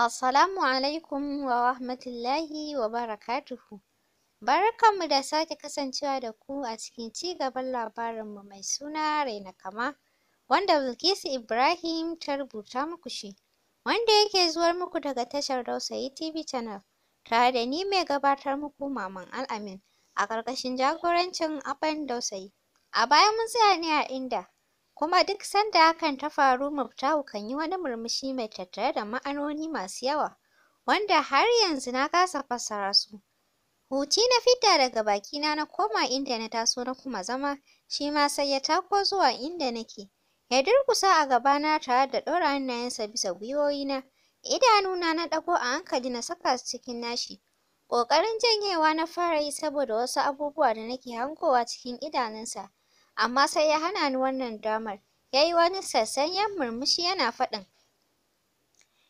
Assalamu alaikum wa rahmatullahi wa barakatuhu. Barkanmu da sake kasancewa da ku a cikin ci gaban labarinmu mai suna Raina Kama, wanda Bilkisu Ibrahim ta rubuta muku shi, wanda yake zuwar muku daga tashar Dausayi TV Channel, tare da ni mai gabatar muku Maman Al'amin, a ƙarƙashin jagorancin Aban Dausayi. A baya mun tsaya ne a inda kuma duk sanda hakan ta faru Muftahu kan yi wani murmushi mai tattare da ma'anoni masu yawa wanda har yanzu na kasa fassara su. Huci na fita daga bakina na koma inda na taso na kuma zama, shi ma sai ya tako zuwa inda nake. Ya durkusa a gabana tare da ɗora hannayensa bisa gwiwoyina. Idanuna na ɗago a hankali na saka su cikin nashi. Ƙoƙarin janyewa na fara yi saboda wasu abubuwa da nake hangowa cikin idanunsa. amma sai ya hana ni wannan damar. Ya yi wani sassanyen murmushi yana faɗin,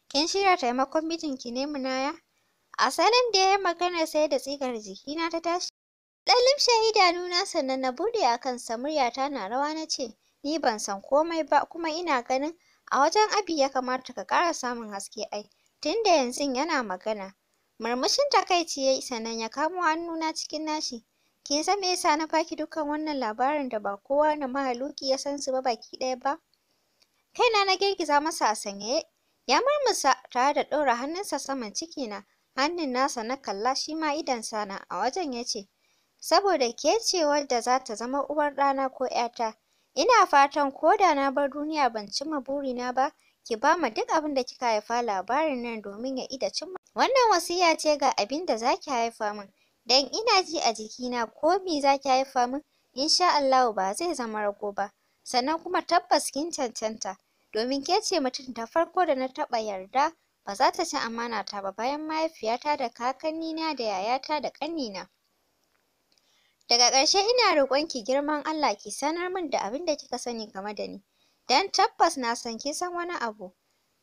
kin shirya taimakon mijinki ne munaya? Asalin da ya yi maganar sai da tsigar jikina ta tashi. Ɗan limshe idanuna sannan na buɗe a kansa muryata na rawa na ce, ni ban san komai ba kuma ina ganin a wajen abi ya kamata ka ƙara samun haske ai, tunda yanzun yana magana. Murmushin takaici ya yi sannan ya kamo hannuna cikin nashi. Kin san me yasa na baki dukkan wannan labarin da ba kowa na mahaluki ya san su ba baki ɗaya ba? Kaina na girgiza masa a sanye. ya murmusa tare da ɗora hannunsa saman cikina, hannun nasa na kalla shi ma idonsa na a wajen ya ce, saboda ke ce wadda za ta zama uwar ɗana ko ‘yata, ina fatan ko da na bar duniya ban cimma burina ba, ki ba ma duk abin da kika haifa labarin nan domin ya ida cimma. Wannan wasiya ce ga abin da za ki haifa min. dan ina ji a jikina ko me za ki haifa min insha Allahu ba zai zama rago ba sannan kuma tabbas kin cancanta domin ke ce mutum ta farko da na taɓa yarda ba za ta ci amanata ba bayan mahaifiyata da kakannina da yayata da ƙannina daga ƙarshe ina roƙon girman Allah ki sanar min da abin da kika sani game da ni dan tabbas na san kin san wani abu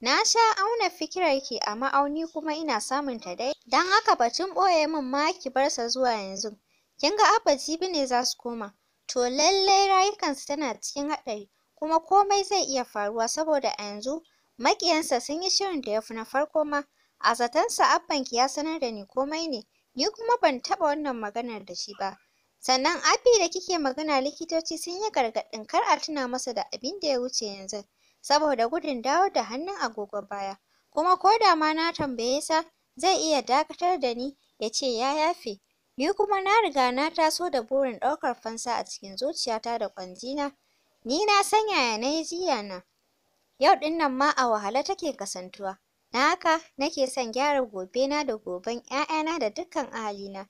Na sha auna fikirarki a ma'auni kuma ina samun ta dai. dan haka batun ɓoye min ma ki bar sa zuwa yanzu. Kin ga Abba jibi ne za su koma. To lallai rayukansu tana cikin haɗari kuma komai zai iya faruwa saboda a yanzu maƙiyansa sun yi shirin da ya fi na farko ma. A zatonsa ki ya sanar da ni komai ne, ni kuma ban taɓa wannan maganar da shi ba. Sannan Abi da kike magana likitoci sun yi gargaɗin kar a tuna masa da abin da ya wuce yanzu. saboda gudun dawo da hannun agogon baya. Kuma ko da ma na tambaye sa zai iya dakatar da ni ya ce ya yafe. Ni kuma na riga na taso da burin ɗaukar fansa a cikin zuciyata da ƙwanjina. Ni na san yaya na yi jiya na. Yau ɗin nan ma a wahala take kasantuwa. Na haka nake son gyara gobe na da goben ‘ya'yana da dukkan ahalina.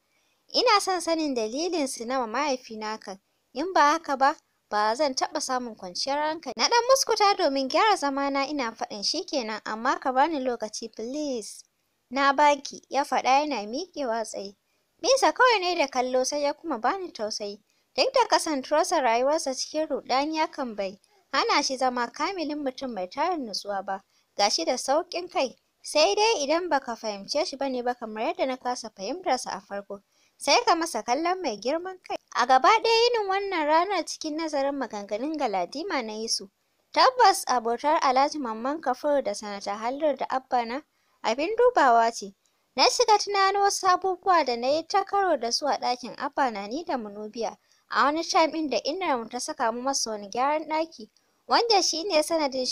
Ina son sanin dalilinsu na mahaifina kan, in ba haka ba ba zan taɓa samun kwanciyar hankali. Na ɗan muskuta domin gyara zamana ina faɗin shi kenan amma ka bani lokaci please. Na baki, ya faɗa yana miƙewa tsaye. bisa kawai ne da kallo sai ya kuma bani tausayi. Duk da kasantuwarsa rayuwarsa cikin ya kan bai hana shi zama kamilin mutum mai tarin nutsuwa ba. Gashi da sauƙin kai, sai dai idan baka fahimce shi bane ba kamar yadda na kasa fahimtarsa a farko. Sai ka masa kallon mai girman kai. A gaba ɗaya yinin wannan ranar cikin nazarin maganganun Galadima na yi su. Tabbas abotar Alhaji Mamman Kafur da Sanata Halliru da Abba na abin dubawa ce. Na shiga tunanin wasu abubuwa da na yi ta karo da su a ɗakin Abba na ni da Munubiya a wani time ɗin da mu ta saka mu masa wani gyaran ɗaki wanda shi ne sanadin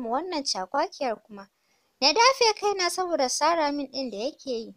mu wannan cakwakiyar kuma. Na dafe kaina saboda sara min ɗin da yake yi.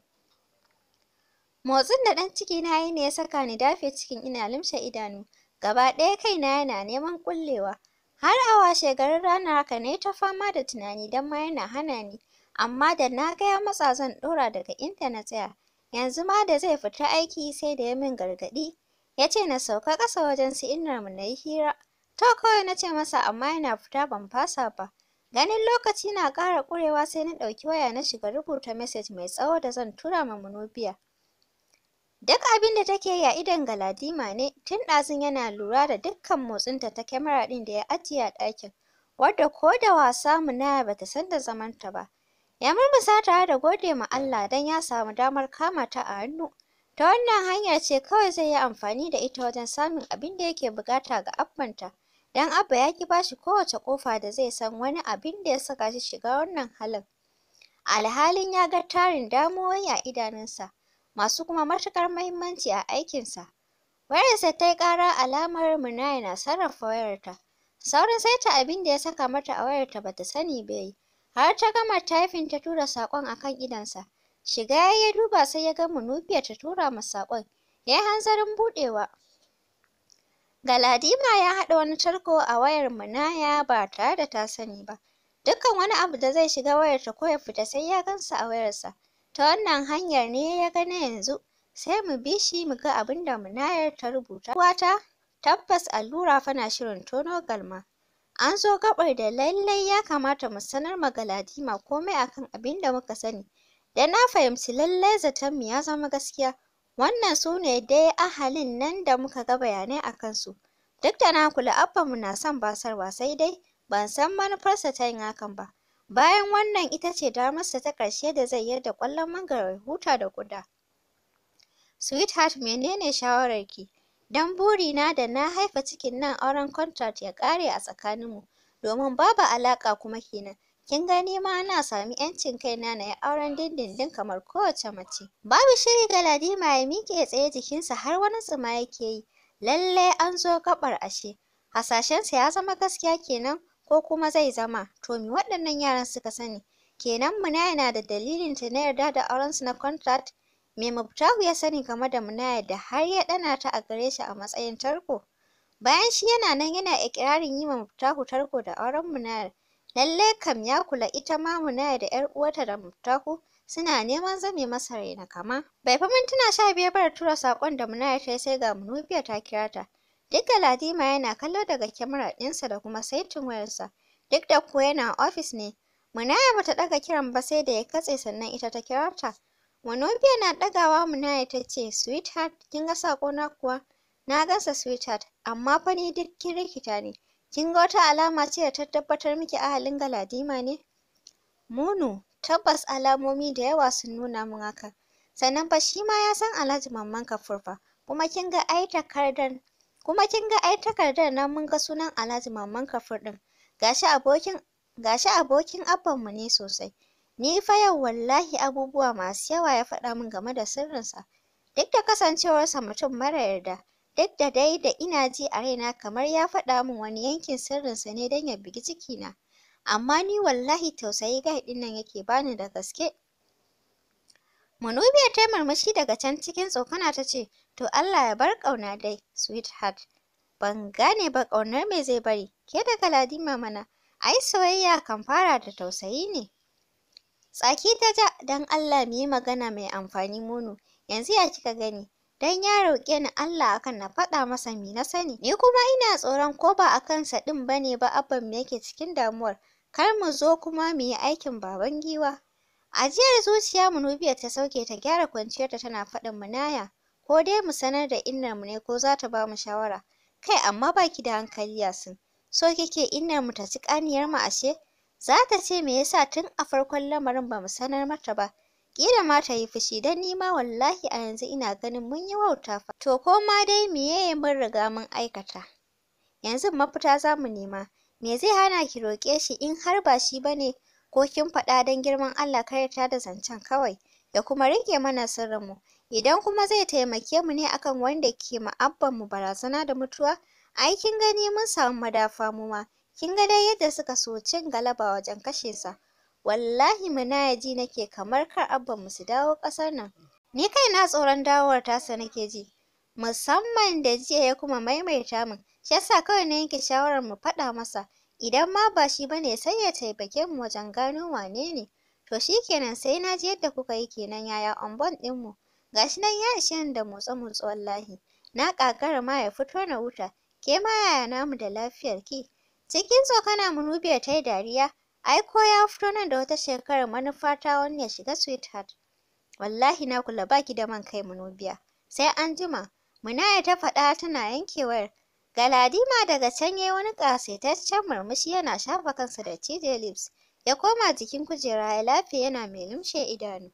Motsin da ɗan ciki na yi ne ya saka ni dafe cikin ina limshe idanu. Gaba ɗaya kaina yana neman ƙullewa. Har awa shegarin rana haka na ta fama da tunani don ma yana hana ni. Amma da na gaya ya matsa zan ɗora daga intanet na tsaya. Yanzu ma da zai fita aiki sai da ya min gargaɗi. Ya ce na sauka ƙasa wajen su mu na yi hira. To kawai na ce masa amma yana fita ban fasa ba. Ganin lokaci na ƙara ƙurewa sai na ɗauki waya na shiga rubuta message mai tsawo da zan tura ma manubiya Duk abin da take yi a idon Galadima ne, tun ɗazun yana lura da dukkan motsinta ta kyamara ɗin da ya ajiye a ɗakin, wadda ko da wasa na ba ta san da zamanta ba. Ya murmusa tare da gode ma Allah don ya samu damar kama ta a hannu. Ta wannan hanya ce kawai zai yi amfani da ita wajen samun abin da yake bukata ga abbanta, don Abba ya ƙi ba shi kowace ƙofa da zai san wani abin da ya saka shi shiga wannan halin. Alhalin ya ga tarin damuwoyi a idanunsa. masu kuma matuƙar mahimmanci a aikinsa. Wayarsa ta yi ƙara alamar Munaya na sarrafa wayarta. Saurin saita abin da ya saka mata a wayarta bata sani ba yi. Har ta gama taifin ta tura saƙon kan idansa. Shiga ya yi duba sai ya ga Munubiya ta tura ma saƙon. Ya yi hanzarin buɗewa. Galadima ya haɗa wani tarko a wayar Munaya ba tare da ta sani ba. Dukkan wani abu da zai shiga wayarta ko ya fita sai ya gansa a wayarsa. ta wannan hanyar ne ya ga na yanzu sai mu bi shi mu ga abin da munayar ta rubuta uwata tabbas allura fa na shirin tono galma an zo gaɓar da lallai ya kamata mu sanar ma galadima komai akan abin da muka sani da na fahimci lallai zaton mu ya zama gaskiya wannan su ne dai ahalin nan da muka ga bayanai a kansu duk da na kula abbanmu na son basarwa sai dai ban san manufarsa ta yin hakan ba Bayan wannan ita ce damarsa ta ƙarshe da zai yarda ƙwallon mangwaro ya huta da ƙuda. Sweetheart menene shawararki? Don burina da na haifa cikin nan auren contract ya ƙare a tsakaninmu, domin babu alaƙa kuma kenan. Kin gani ma ana sami ‘yancin kaina na yi auren dindindin kamar kowace mace. Babu shiri ga Ladima ya miƙe tsaye jikinsa har wani tsuma yake yi. Lallai an zo gaɓar ashe. Hasashensa ya zama gaskiya kenan. ko kuma zai zama to me waɗannan yaran suka sani kenan Munaya na da dalilin ta na yarda da aurensu na contract me Muftahu ya sani game da Munaya da har ya ɗana ta a gare shi a matsayin tarko bayan shi yana nan yana ikirarin yi ma Muftahu tarko da auren munayar, lallai kam ya kula ita ma Munaya da 'yar uwata da Mabtahu suna neman zame masa raina kama bai fi mintuna sha biyar ba da tura saƙon da Munaya ta yi sai ga Munubiya ta kira ta Duk Ladima yana kallo daga kyamarar ɗinsa da kuma saitin wayarsa, duk da kuwa yana ofis ne. Munaya bata ɗaga kiran ba sai da ya katse sannan ita ta kira ta. Wanobi yana ɗagawa Munaya ta ce, "Sweetheart, kin ga saƙona kuwa?" "Na gansa sweetheart, amma fa ni duk kin rikita ne. Kin ga wata alama ce da ta tabbatar miki ahalin Galadima ne?" Munu, tabbas alamomi da yawa sun nuna min haka. Sannan fa shi ma ya san Alhaji Mamman Kaffur fa, kuma kin ga ai takardar Kuma kin ga ai takardar nan mun ga sunan Alhaji Mamman Kafur ɗin. Gashi abokin gashi abokin mu ne sosai. Ni fa yau wallahi abubuwa masu yawa ya faɗa min game da sirrinsa. Duk da kasancewarsa mutum mara yarda, duk da dai da ina ji a raina kamar ya faɗa min wani yankin sirrinsa ne don ya bugi cikina. Amma ni wallahi tausayi ga ɗinnan nan yake bani da gaske. Manubiya ta yi murmushi daga can cikin tsokana ta ce, To Allah ya bar ƙauna dai, sweetheart. Ban gane ba ƙaunar me zai bari, ke da Galadima mana, ai soyayya kan fara da tausayi ne. Tsaki ta ja, don Allah mu yi magana mai amfani mono, yanzu ya kika gani, don ya roƙe ni Allah akan na faɗa masa mi na sani. Ni kuma ina tsoron ko ba a kansa ɗin ba ne ba abban mu yake cikin damuwar, kar mu zo kuma mu yi aikin baban giwa. Ajiyar zuciya Munubiya ta sauke ta gyara kwanciyarta tana faɗin munaya, ko dai mu sanar da innarmu ne ko za ta ba mu shawara. Kai amma ba ki da hankali Yasin, so kike innarmu ta ci ƙaniyarmu ashe? Za ta ce me yasa tun a farkon lamarin ba mu sanar mata ba. Kila ma ta yi fushi don ni ma wallahi a yanzu ina ganin mun yi wauta fa. To ko ma dai meye mun riga mun aikata. Yanzu mafita za mu nema, me zai hana ki roƙe shi in har ba shi ba ne ko kin faɗa don girman Allah kar ya tada zancen kawai ya kuma rike mana sirrinmu idan kuma zai taimake mu ne akan wanda ke mu barazana da mutuwa ai kin gani mun samu madafa mu ma kin ga dai yadda suka so cin galaba wajen kashe sa wallahi na ji nake kamar kar mu su dawo ƙasar nan ni kai na tsoron dawowar tasa nake ji musamman da jiya ya kuma maimaita min shi yasa kawai na yanke shawarar mu faɗa masa Idan ma ba shi bane sai ya taimake mu wajen gano wane ne. To shi kenan sai na ji yadda kuka yi kenan yaya unborn ɗinmu. Ga shi nan ya ishe ni da motsa-motsa wallahi. Na ƙagara ma ya fito na wuta. Ke ma yaya namu da lafiyar ki? Cikin tsokana Munubiyar ta yi dariya. Ai ko ya fito nan da wata shekarar manufa ta wani ya shiga sweetheart. Wallahi na kula baki da man kai Munubiya. Sai anjima. jima. Munaya ta faɗa tana yanke Galadima daga can ya yi wani ƙasaitaccen murmushi yana shafa kansa da cije lips. Ya koma jikin kujera ya lafiya yana mai numshe idanu.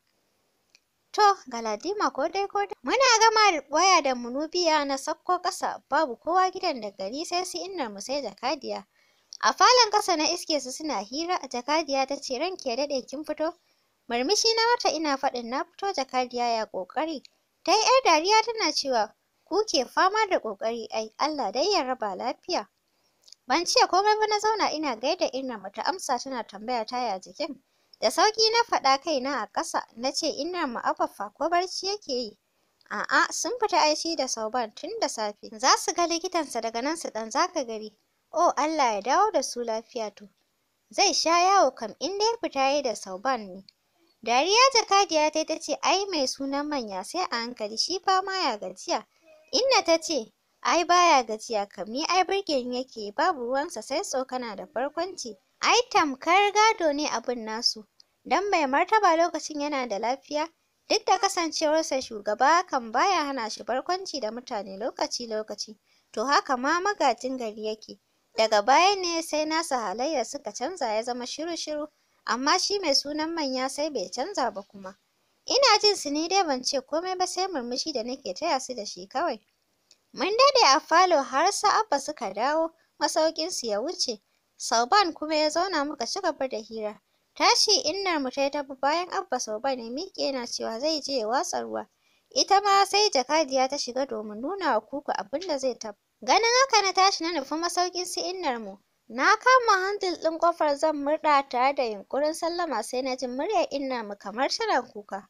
To, Galadima ko dai ko dai. Muna gama waya da munubiya na sakko ƙasa babu kowa gidan da gari sai su inna mu sai jakadiya. A falon ƙasa na iske su suna hira jakadiya ta ce ranki ya daɗe kin fito. Murmushi na mata ina faɗin na fito jakadiya ya ƙoƙari. Ta yi ‘yar dariya tana cewa Kuke fama da ƙoƙari ai, Allah dai ya raba lafiya. Ban ce komai ba na zauna ina gaida innarmu mata amsa tana tambaya ta ya jikin. Da sauƙi na faɗa kaina a ƙasa na ce Inna mu ko barci yake yi. A'a sun fita aishi da sauban tun da safe. Za su ga likitansa daga nan su ɗan zaka gari. Oh Allah ya dawo da su lafiya to. Zai sha yawo kam in dai fita yi da sauban ne. Dariya jakadiya ta ta ce ai mai sunan manya sai a hankali shi fama ya gajiya. Inna ta ce, ai baya gajiya kam ni ai birgen yake babu ruwansa sai tsokana da barkwanci. Ai tamkar gado ne abin nasu, don mai martaba lokacin yana da lafiya, duk da kasancewarsa shugaba kan baya hana shi barkwanci da mutane lokaci-lokaci, to haka ma magajin gari yake. Daga baya ne sai nasa halayyar suka canza ya zama shiru-shiru, amma shi mai sunan manya sai bai canza ba kuma. Ina jin su ni dai ban ce komai ba sai murmushi da nake taya su da shi kawai. Mun dade a falo har sa Abba suka dawo masaukinsu ya wuce. Sauban kuma ya zauna muka ci gaba da hira. Tashi innar mu ta tafi bayan Abba Sauban ne, miƙe yana cewa zai je ya watsa ruwa. Ita ma sai jakadiya ta shiga domin nuna wa kuku abin da zai tab. Ganin haka na tashi na nufi masaukin su innar mu. Na kama handil ɗin ƙofar zan murɗa tare da yunƙurin sallama sai na ji murya inna mu kamar tana kuka.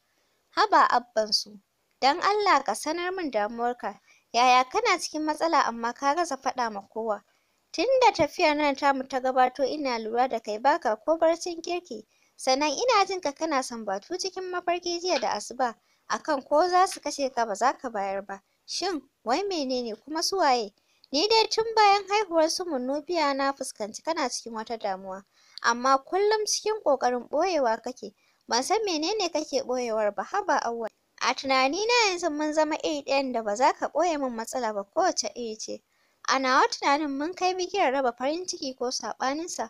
haba abbansu dan Allah ka sanar min damuwarka yaya kana cikin matsala amma ka rasa faɗa ma kowa tunda tafiyar nan ta tamu ta gabato ina lura da kai baka ko barcin kirki sannan ina jin ka kana sambatu cikin mafarki jiya da asuba akan ko za su kashe ka ba za ka bayar ba shin wai menene kuma su waye ni dai tun bayan haihuwar su Munubiya na fuskanci kana cikin wata damuwa amma kullum cikin ƙoƙarin ɓoyewa kake Ban san menene kake ɓoyewar ba haba Auwal. A tunani na yanzu mun zama iri ɗayan da ba za ka ɓoye min matsala ba kowace iri ce. A nawa tunanin mun kai bigiyar raba farin ciki ko saɓanin sa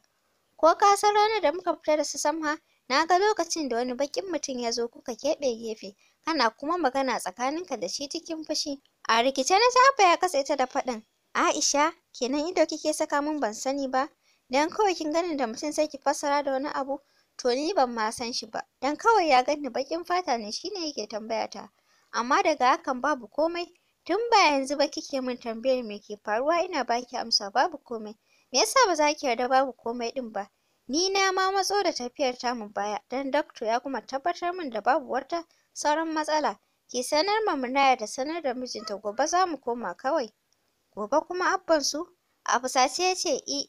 Ko ka san ranar da muka fita da su Samha, na ga lokacin da wani baƙin mutum ya zo kuka keɓe gefe, kana kuma magana tsakanin ka da shi cikin fushi. A rikice na tafa ya katse ta da faɗin, Aisha, kenan ido kike saka min ban sani ba, dan kawai kin gani da mutum sai ki fassara da wani abu. to ni ban ma san shi ba dan kawai ya ganni bakin fata ne shine yake tambaya ta amma daga hakan babu komai tun ba yanzu ba kike min tambayar me ke faruwa ina baki amsa babu komai me yasa ba za ki yarda babu komai din ba ni na ma matso da tafiyar ta mun baya dan doctor ya kuma tabbatar min da babu wata sauran matsala ki sanar ma Munaya da sanar da mijinta gobe za mu koma kawai gobe kuma abban su a fusace ya ce i eh,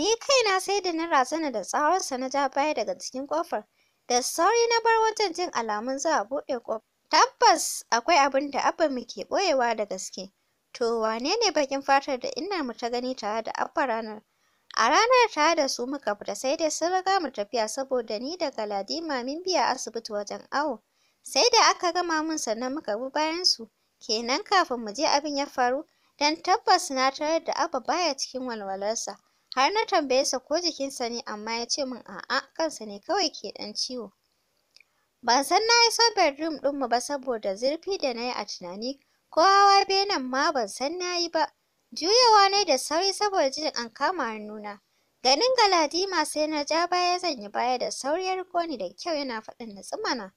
Ni kaina sai da na razana da tsawarsa na ja baya daga cikin ƙofar. Da sauri na bar wajen jin alamun za a buɗe ƙofar. Tabbas akwai abin da mu ke ɓoyewa da gaske. To wane ne baƙin fatar da mu ta gani tare da abba ranar? A ranar tare da su muka fita sai dai sun riga mu tafiya saboda ni da ma min biya asibiti wajen awo. Sai da aka gama mun sannan muka bi bayan su. Kenan kafin mu je abin ya faru don tabbas na tarar da Abba baya cikin walwalarsa. har na tambaye sa ko jikinsa ne amma ya ce min a'a kansa ne kawai ke ɗan ciwo ban san na iso bedroom mu ba saboda zurfi da nayi a tunani ko hawa benen ma ban san nayi ba juyawa ne da sauri saboda jin an kama hannuna ganin galadima sai na ja baya zan yi baya da sauri ya riko ni da kyau yana faɗin na tsumana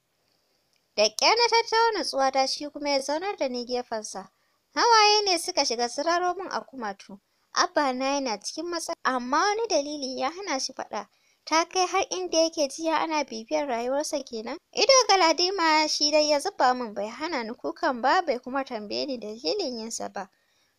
da ƙyar na tattauna tsuwa ta shi kuma ya zaunar da ni gefensa hawaye ne suka shiga siraro min a kumatu Abba na yana cikin matsala amma wani dalili ya hana shi faɗa. Ta kai har inda yake jiya ana bibiyar rayuwarsa kenan. Ido Galadima shi dai ya zuba min bai hana ni kukan ba bai kuma tambaye ni dalilin yinsa ba.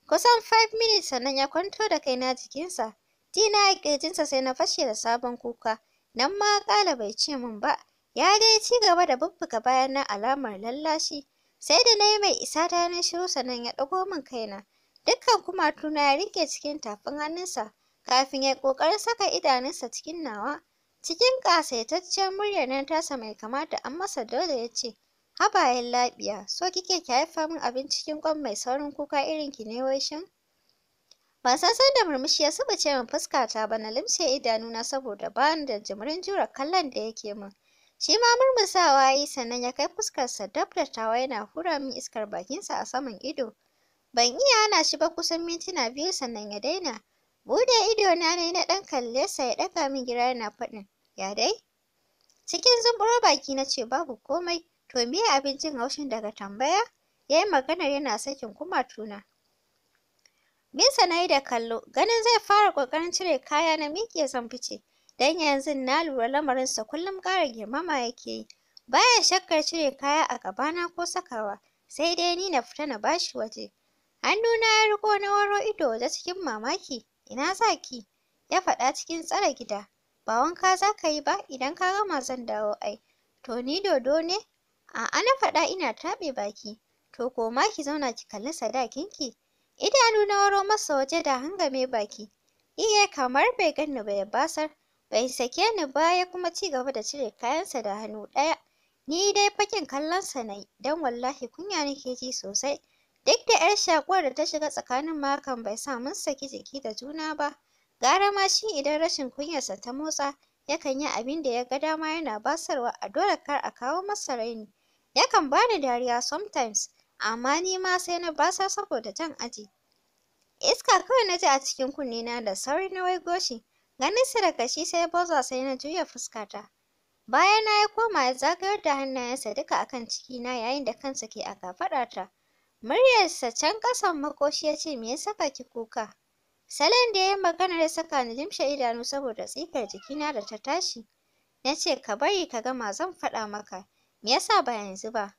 Kusan 5 minutes sannan ya kwanto da kaina jikinsa. Jina ya kirjinsa sai na fashe da sabon kuka. Nan ma ƙala bai ce min ba. Ya dai ci gaba da bubbuga bayan na alamar lallashi. Sai da na yi mai isa ta na shiru sannan ya ɗago min kaina. Dukkan kumatuna ya rike cikin tafin hannunsa kafin ya kokarin saka idanunsa cikin nawa. Cikin kasaitaccen muryar nan tasa mai kamata an masa dole ya ce, Haba laɓiya, so kike ki haifa min abin cikin ƙwan mai saurin kuka irin ki ne wai shin? Ban san da murmushi ya ce min fuskata ba na limshe idanuna saboda ba ni da jimrin jure kallon da yake min. Shi ma murmusawa ya yi sannan ya kai fuskarsa dab da tawa yana hura min iskar bakinsa a saman ido. Ban iya hana shi ba kusan mintuna biyu sannan ya daina. Buɗe na ne na ɗan kalle sa ya ɗaga min gira yana faɗin, ya dai? Cikin zumburo baki na ce babu komai, to me abincin haushin daga tambaya? Ya yi maganar yana sakin kumatuna. Binsa na yi da kallo, ganin zai fara ƙoƙarin cire kaya na miƙe zan fice, don yanzu na lura lamarinsa kullum ƙara girmama yake yi. Baya shakkar cire kaya a gabana ko sakawa, sai dai ni na fita na bashi waje. Hannuna ya riko na waro ido waje cikin mamaki. Ina za Ya faɗa cikin tsare gida. Ba wanka za ka yi ba idan ka gama zan dawo ai. To ni dodo ne? A'a na faɗa ina taɓe baki. To koma ki zauna ki kalli sadakinki. Idanu na waro masa waje da hangame baki. Iya kamar bai ganni ba ya basar. Bai sake ni ba ya kuma ci gaba da cire kayansa da hannu ɗaya. Ni dai fakin kallonsa na yi don wallahi kunya nake ji sosai. Duk da ‘yar shaƙuwar da ta shiga tsakanin ma bai sa mun saki jiki da juna ba. Gara ma shi idan rashin kunyarsa ta motsa, yakan yi abin da ya ga dama yana basarwa a dole kar a kawo masa raini. Yakan ba dariya sometimes, amma ni ma sai na basa saboda jan aji. Iska kawai na ji a cikin kunne na da sauri na waigo shi. Ganin su daga shi sai boza sai na juya fuskata. Bayana ya koma ya zagayar da hannayensa duka akan cikina yayin da kansa ke a kafaɗata. Muryarsa can ƙasan makoshi ya ce, Me ya saka ki kuka? Salon da ya yi maganar ya saka ni limshe idanu saboda tsikar jikina da ta tashi. Na ce, Ka bari ka gama zan faɗa maka. Me ya sa ba yanzu ba?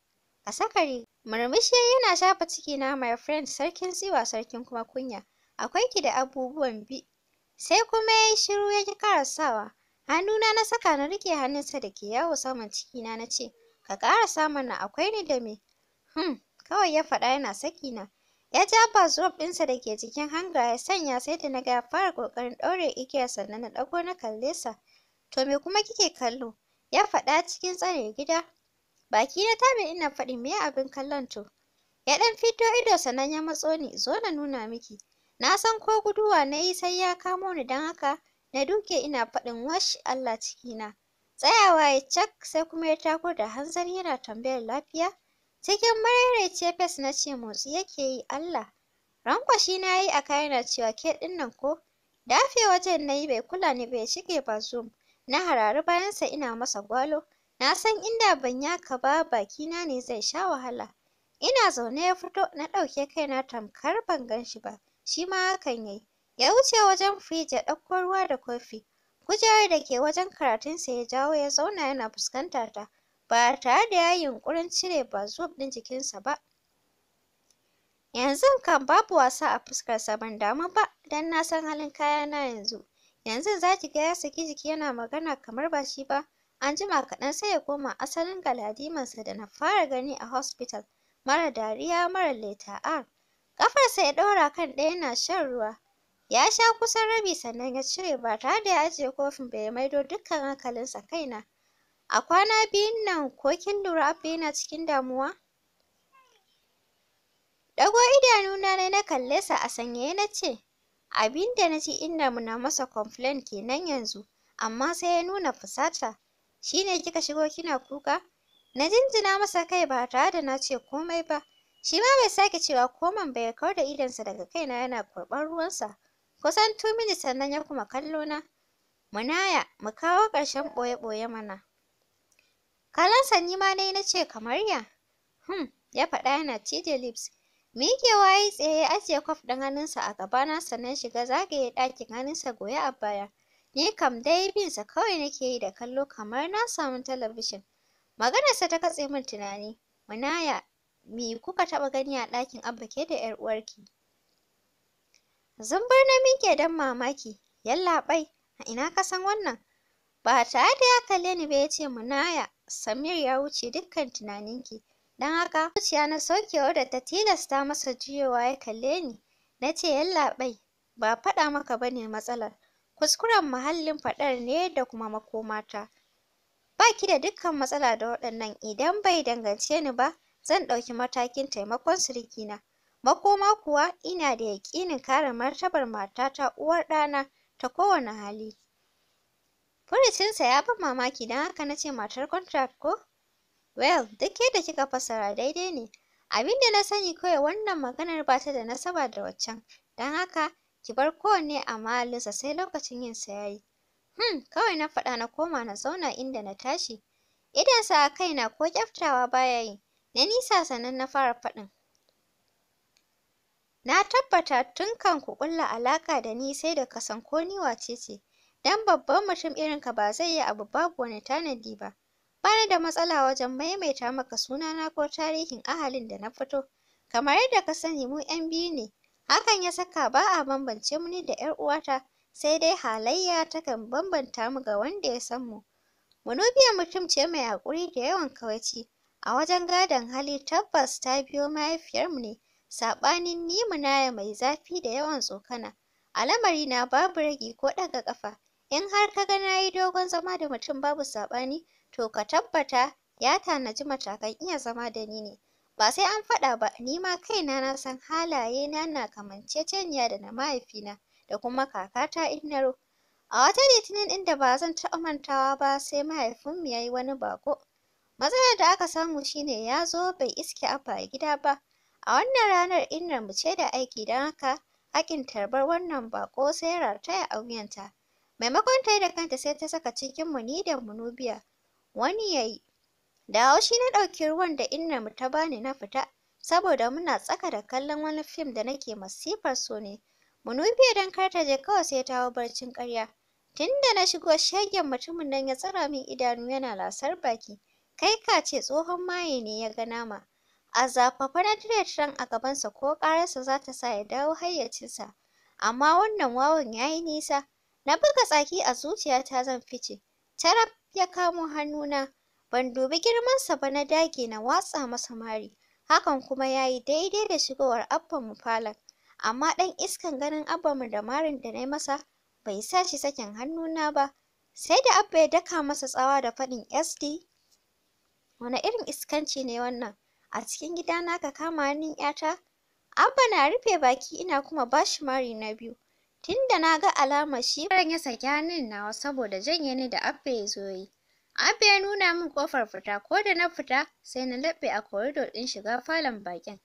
A sakari, murmushi yana shafa cikina my friend sarkin tsiwa sarkin kuma kunya. Akwai ki da abubuwan bi. Sai kuma ya yi shiru ya ƙi ƙarasawa. Hannuna na saka na riƙe hannunsa da ke yawo saman cikina na ce, Ka ƙarasa mana akwai ni da me? Hmm. kawai ya faɗa yana saki na. Ya ji Abbas zuwa ɗinsa da ke jikin hanga ya sanya sai da na ga ya fara ƙoƙarin ɗaure igiyar sannan na ɗago na kalle sa. To me kuma kike kallo? Ya faɗa cikin tsare gida. Baki na tabe ina faɗi me abin kallon to? Ya ɗan fito ido sannan ya matso ni zo na nuna miki. Na san ko guduwa na yi sai ya kamo ni don haka na duke ina faɗin wash Allah ciki na Tsayawa ya cak sai kuma ya tako da hanzari yana tambayar lafiya. Cikin marairaice fes na ce motsi yake yi Allah. Rankwashi na yi a na cewa ke nan ko? Dafe wajen na yi bai kula ni bai shige ba zum. Na harari bayansa ina masa gwalo. Na san inda ban ya ka ba baki na ne zai sha wahala. Ina zaune ya fito na ɗauke kaina tamkar ban gan shi ba. Shi ma hakan yayi Ya wuce wajen firij ya ɗauko ruwa da kofi. Kujerar da ke wajen karatunsa ya jawo ya zauna yana fuskantar ta. ba tare da ya yi yunƙurin cire bazuwar ɗin jikinsa ba. Yanzu kan babu wasa a fuskar ban damu ba don na san halin kayana yanzu. Yanzu za ki ga ya saki jiki yana magana kamar ba shi ba. An jima kaɗan sai ya koma asalin galadimansa da na fara gani a hospital mara dariya mara leta R. Ƙafarsa ya ɗaura kan ɗaya yana shan ruwa. Ya sha kusan rabi sannan ya cire ba tare da ya ajiye kofin ba ya maido dukkan hankalinsa kaina. A kwana biyun nan ko kin lura Abba yana cikin damuwa? Ɗago idanuna ne na kalle sa a sanye na ce, abinda na ji inda na masa complain kenan yanzu, amma sai ya nuna fusata. Shi ne kika shigo kina kuka? Na jinjina masa kai ba tare da na ce komai ba. Shi ma bai sake cewa koman ba ya kawar da idonsa daga kaina yana kurɓar ruwansa. Kusan 2 minutes sannan ya kuma kallo na. Munaya, mu kawo ƙarshen ɓoye-ɓoye mana. Kalan ni ma dai na ce kamar ya. Hmm, ya faɗa yana cije lips. Miƙewa ya waye tsaye ya ajiye kwaf ɗin hannunsa a gabana sannan shiga zagaye ɗakin hannunsa goye a baya. Ni kam dai bin sa kawai nake yi da kallo kamar na samu talabijin. Maganarsa ta katse min tunani. Munaya, me kuka taɓa gani a ɗakin Abba da 'yar uwarki? Zumbar na mike don mamaki. Yallaɓai, a ina ka san wannan? Ba tare da ya kalle ni ba ya ce munaya, Samir ya wuce dukkan tunaninki. Don haka, zuciya na saukewar da ta tilasta masa juyewa ya kalle ni. Na ce yallaɓai, ba faɗa maka ba ne matsalar. Kuskuren muhallin faɗar ne da kuma makomata. Ba ki da dukkan matsala da waɗannan idan bai dangance ni ba, zan ɗauki matakin taimakon sirikina. Makoma kuwa ina da yaƙinin kare martabar matata uwar ɗana ta kowane hali. Furicinsa ya ban mamaki don haka na ce matar contract ko? Well, duk yadda kika fassara daidai ne. Abin da na sani kawai wannan maganar ba ta da nasaba da waccan, don haka ki bar kowanne a mahallinsa sai lokacin yinsa ya yi. Hmm, kawai na faɗa na koma na zauna inda na tashi. Idonsa a kaina ko kyaftawa baya yi, na nisa sannan na fara faɗin. Na tabbata tun kan ku ƙulla alaƙa da ni sai da kasan, ko ni wace ce. Dan babban mutum irin ka ba zai yi abu babu wani tanadi ba. Bani da matsala wajen maimaita maka sunana ko tarihin ahalin da na fito. Kamar yadda ka sani mu 'yan biyu ne. Hakan ya saka ba a bambance mu ni da 'yar uwata, sai dai halayya takan bambanta mu ga wanda ya san mu. Munubiya mutum ce mai haƙuri da yawan kawaici. A wajen gadon hali tabbas ta biyo mahaifiyarmu ne, saɓanin ni munaya mai zafi da yawan tsokana. A na babu ragi ko ɗaga ƙafa. in har ka ga nayi dogon zama da mutum babu saɓani to ka tabbata ya tanaji matakan iya zama da ni ne ba sai an faɗa ba ni ma kaina na san halaye na na kamanceceniya da na mahaifina da kuma kakata ro. a wata litinin inda ba zan taɓa mantawa ba sai mahaifinmu ya yi wani baƙo matsalar da aka samu shine ya zo bai iske a a gida ba a wannan ranar inna mu ce da aiki don haka haƙƙin tarbar wannan baƙo sai ya rataya a wuyanta Maimakon ta yi da kanta sai ta saka cikin mu ni da Munubiya. Wani ya yi. Da haushi na ɗauki ruwan da inna mu ta bani na fita, saboda muna tsaka da kallon wani fim da nake masifar so ne. Munubiya don kar ta je kawai sai ta hau barcin ƙarya. Tunda na shigo shagen mutumin nan ya tsira min idanu yana lasar baki. Kai ka ce tsohon maye ne ya ga nama. A zafafa na dire a gabansa ko ƙararsa za ta sa ya dawo hayyacinsa. Amma wannan wawan ya yi nisa. Na buga tsaki a zuciyata zan fice. Tarab ya kamo hannuna. Ban dubi girmansa ba na dage na watsa masa mari. Hakan kuma ya yi daidai da shigowar mu falon. Amma ɗan iskan ganin mu da marin da na yi masa bai sa shi sakin hannuna ba. Sai da abba ya daka masa tsawa da faɗin SD. Wane irin iskanci ne wannan? A cikin gidana ka kama hannun 'yata? Abba na rufe baki ina kuma ba shi mari na biyu. da na ga alamar shi faran ya saki hannun nawa saboda janye ni da Abba ya zo yi. Abba ya nuna min kofar fita ko da na fita sai na laɓe a koridor ɗin shiga falon bakin.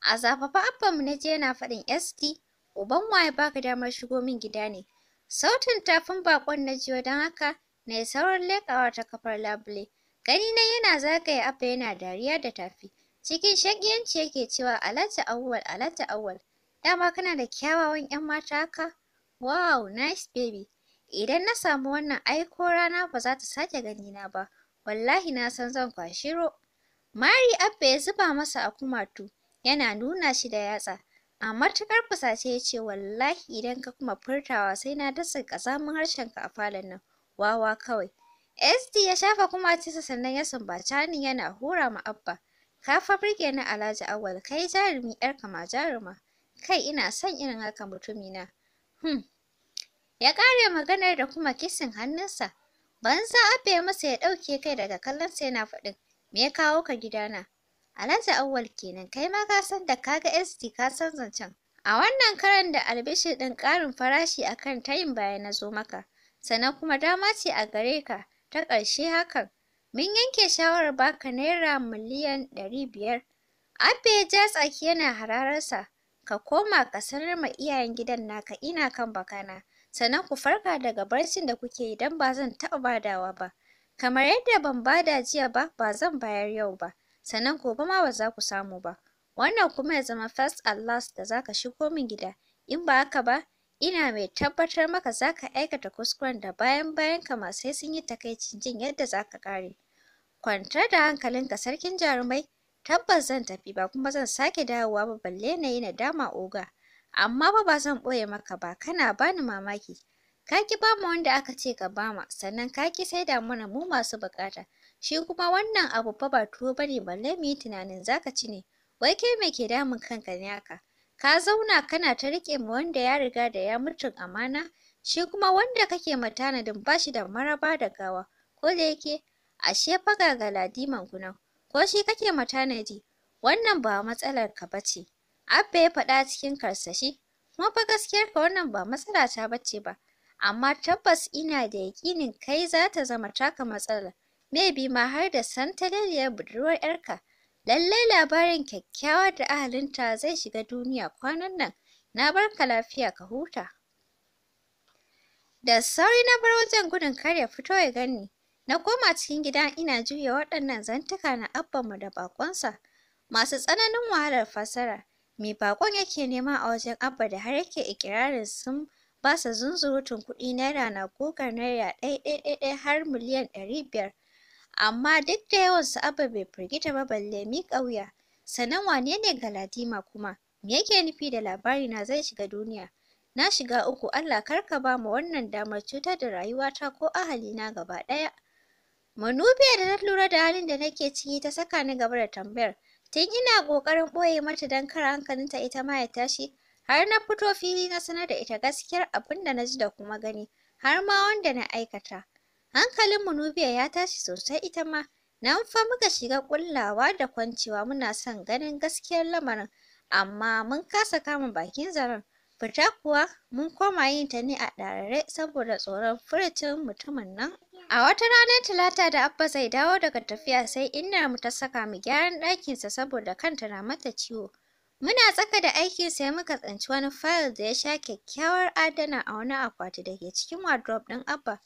A zafafa Abba mu na je yana faɗin SD uban waye baka damar shigo min gida ne. Sautin tafin bakon na jiyo don haka na yi sauran lekawa ta kafar labule. Gani na yana zagaye Abba yana dariya da tafi. Cikin shakiyanci yake cewa Alhaji Auwal Alhaji Auwal dama kana da kyawawan 'yan mata haka? Wow, nice baby. Idan na samu wannan aiko rana ba za ta sake gani na ba. Wallahi na san zan kwashe ro. Mari Abba ya zuba masa a kumatu, yana nuna shi da yatsa. A matuƙar fusace ya ce wallahi idan ka kuma furtawa sai na dasa ƙazamin harshenka a falon nan. Wawa kawai. SD ya shafa kumatinsa sannan ya sumbaci ni yana hura ma Abba. Ka fa burge ni Alhaji Awwal, kai jarumi 'yarka ma jaruma. Kai ina son irin haka mutumina. Hmm, Ya ƙare maganar da kuma kisin hannunsa. Banza abe masa ya ɗauke kai daga kallon kallonsa yana faɗin, me ya kawo ka gidana? Alhaji Auwal kenan, kai ma ka san da kaga SD ka san zancen. A wannan karan da albishi ɗin ƙarin farashi akan tayin baya na zo maka, sannan kuma dama ce a gare ka ta ƙarshe hakan. Mun yanke shawarar baka naira miliyan ɗari biyar. Abbe ya ja tsaki yana sa, ka koma ka sanar ma iyayen gidan naka ina kan bakana. sannan ku farka daga barcin da kuke yi don ba zan taɓa badawa ba kamar yadda ban bada jiya ba ba zan bayar yau ba sannan gobe ma ba za ku samu ba wannan kuma ya zama first and last da za ka shigo min gida in ba haka ba ina mai tabbatar maka za ka aikata kuskuren da bayan bayan ka ma sai sun yi takaicin jin yadda za ka ƙare kwantar da hankalinka sarkin jarumai tabbas zan tafi ba kuma zan sake dawowa ba balle na yi nadama oga amma fa ba zan ɓoye maka ba kana bani mamaki ka ki bamu wanda aka ce ka bama sannan ka ki da mana mu masu bukata. shi kuma wannan abu fa ba tuwo bane balle mu yi tunanin zaka ci ne wai kai me ke damun kanka ne haka ka zauna kana ta riƙe ma wanda ya riga da ya mutu amana shi kuma wanda kake ma tanadin ba shi da maraba da gawa ko da yake ashe fa ga galadiman ku ko shi kake ma tanadi wannan ba matsalar ka bace Abba ya faɗa cikin karsashi, kuma fa gaskiyarka wannan ba matsala ta bace ba, amma tabbas ina da yaƙinin kai za ta zama taka matsala. Me bi ma har da santaleliyar budurwar 'yarka. Lallai labarin kyakkyawa da ahalinta zai shiga duniya kwanan nan, na bar ka lafiya ka huta. Da sauri na bar wajen gudun kar ya fito ya gani Na koma cikin gida ina juya waɗannan zantuka na abbanmu da baƙonsa masu tsananin wahalar fasara. Me baƙon yake nema a wajen Abba da har yake iƙirarin sun ba sa zunzurutun kuɗi naira na gugar naira ɗai-ɗai-ɗai har miliyan ɗari biyar. Amma duk da yawansu Abba bai firgita ba balle miƙa wuya. Sannan wane ne Galadima kuma? Me yake nufi da labari na zai shiga duniya? Na shiga uku Allah kar ka ba mu wannan damar cutar da rayuwata ko ahalina gaba ɗaya. Manubiya da na lura da halin da nake ciki ta saka ni gaba da tambayar Tun ina ƙoƙarin ɓoye mata don kar hankalinta ita ma ya tashi, har na fito fili na sanar da ita gaskiyar abin da na ji da kuma gani, har ma wanda na aikata. Hankalin Nubia ya tashi sosai ita ma, na fa muka shiga ƙullawa da kwancewa muna son ganin gaskiyar lamarin, amma mun kasa kama bakin zaren. Fita kuwa mun koma yin ta ne a ɗarare saboda tsoron furucin mutumin nan. A wata ranar Talata da Abba zai dawo daga tafiya sai inna mu ta saka mu gyaran ɗakinsa saboda kanta na mata ciwo. Muna tsaka da aiki sai muka tsanci wani fayil da ya sha kyakkyawar adana a wani akwati da ke cikin wardrobe ɗin Abba.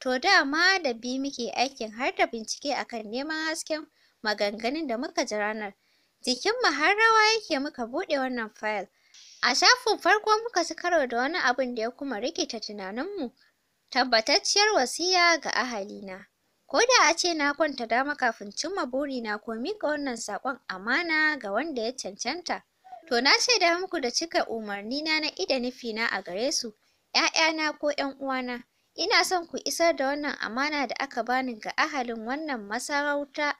To da ma da bi muke aikin har da bincike akan neman hasken maganganun da muka ji ranar. jikin mu har rawa yake muka buɗe wannan fayil. A shafin farko muka ci karo da wani abin da ya kuma rikita tunaninmu, tabbatacciyar wasiya ga ahalina. Ko da a ce na kwanta dama kafin cimma burina ko miƙa wannan saƙon amana ga wanda ya cancanta, to na shaida muku da cika umarnina na ida nufina a gare su, ‘ya'yana ko ‘yan uwana, ina son ku isar da wannan amana da aka bani ga ahalin wannan masarauta.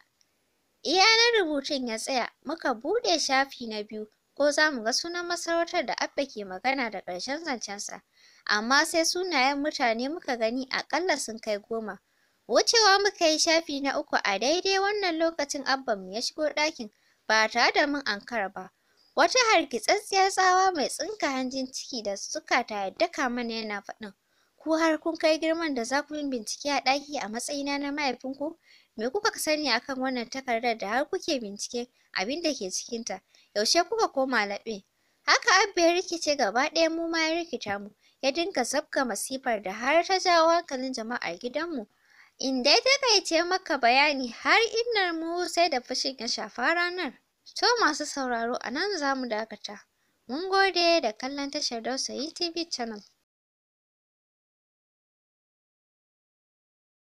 Iya rubutun ya tsaya, muka buɗe shafi na biyu. ko za mu ga sunan masarautar da Abba ke magana da ƙarshen zancensa. Amma sai sunayen mutane muka gani aƙalla sun kai goma. Wucewa muka yi shafi na uku a daidai wannan lokacin Abba mu ya shigo ɗakin ba tare da mun ankara ba. Wata hargitsatsiyar tsawa mai tsinka hanjin ciki da ta ya daka mana yana faɗin. Ku har kun kai girman da za ku yi bincike a ɗaki a matsayina na mahaifinku? Me kuka sani akan wannan takardar da har kuke bincike abinda ke cikinta? yaushe kuka koma laɓe haka abba ya rikice gaba ɗaya mu ma ya rikita mu ya dinga zabga masifar da har ta jawo hankalin jama'ar gidanmu in dai takaice maka bayani har innar mu sai da fushin ya shafa ranar to masu sauraro a nan za mu dakata mun gode da kallon tashar Dausayi TV channel